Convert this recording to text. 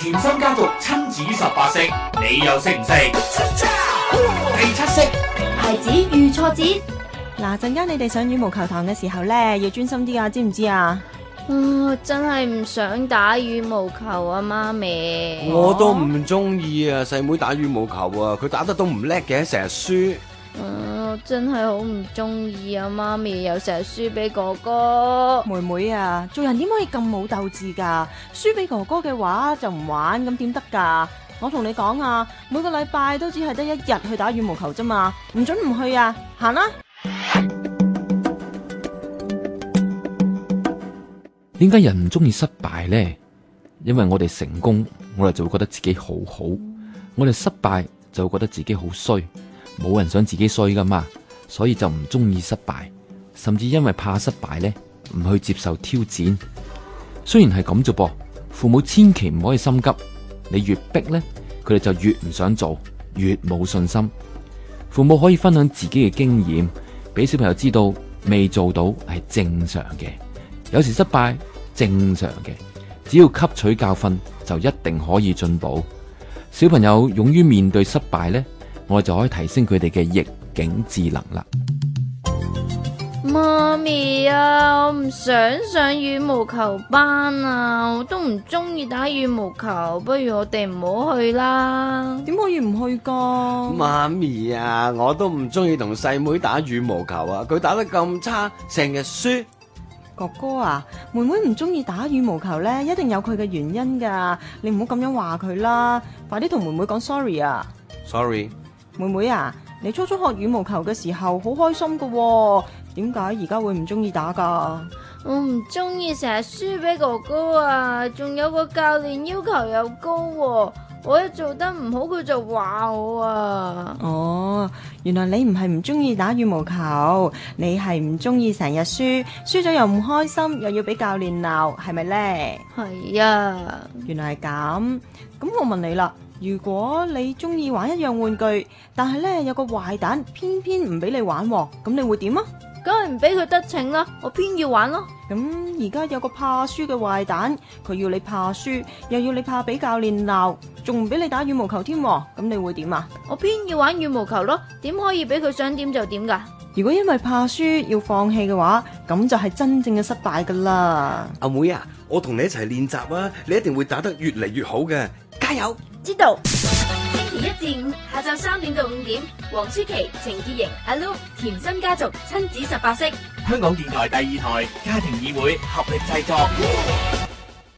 甜心家族親子十八式，你又識唔識？ 第七式，孩子遇挫折。嗱，陣間你哋上羽毛球堂嘅時候咧，要專心啲啊，知唔知啊？嗯、哦，真係唔想打羽毛球啊，媽咪。我都唔中意啊，細妹妹打羽毛球啊，佢打得都唔叻嘅，成日輸。嗯我真係好唔中意啊！媽咪又成日輸俾哥哥，妹妹啊，做人點可以咁冇鬥志噶？輸俾哥哥嘅話就唔玩，咁點得噶？我同你講啊，每個禮拜都只係得一日去打羽毛球啫嘛，唔准唔去啊！行啦。點解人唔中意失敗呢？因為我哋成功，我哋就會覺得自己好好；我哋失敗，就會覺得自己好衰。冇人想自己衰㗎嘛，所以就唔中意失敗，甚至因為怕失敗咧，唔去接受挑戰。雖然係咁啫噃，父母千祈唔可以心急，你越逼咧，佢哋就越唔想做，越冇信心。父母可以分享自己嘅經驗，俾小朋友知道未做到係正常嘅，有時失敗正常嘅，只要吸取教訓就一定可以進步。小朋友勇於面對失敗咧。我就可以提升佢哋嘅逆境智能啦。媽咪啊，我唔想上羽毛球班啊，我都唔中意打羽毛球，不如我哋唔好去啦。點可以唔去噶？媽咪啊，我都唔中意同細妹打羽毛球啊，佢打得咁差，成日輸。哥哥啊，妹妹唔中意打羽毛球呢，一定有佢嘅原因噶，你唔好咁樣話佢啦，快啲同妹妹講 sorry 啊。sorry。妹妹啊，你初初學羽毛球嘅時候好開心噶喎，點解而家會唔中意打噶？我唔中意成日輸俾哥哥啊，仲有個教練要求又高喎，我一做得唔好佢就話我啊。哦，原來你唔係唔中意打羽毛球，你係唔中意成日輸，輸咗又唔開心，又要俾教練鬧，係咪呢？係啊，原來係咁，咁我問你啦。如果你中意玩一樣玩具，但係咧有個壞蛋偏偏唔俾你玩，咁你會點啊？梗係唔俾佢得逞啦，我偏要玩咯、啊。咁而家有個怕輸嘅壞蛋，佢要你怕輸，又要你怕俾教練鬧，仲唔俾你打羽毛球添？咁你會點啊？我偏要玩羽毛球咯，點可以俾佢想點就點噶？如果因為怕輸要放棄嘅話，咁就係真正嘅失敗噶啦。阿妹啊，我同你一齊練習啊，你一定會打得越嚟越好嘅，加油！知道，星期一至五下晝三點到五點，黃舒淇、程潔瑩、阿 Lo、甜心家族親子十八式，香港電台第二台家庭議會合力製作。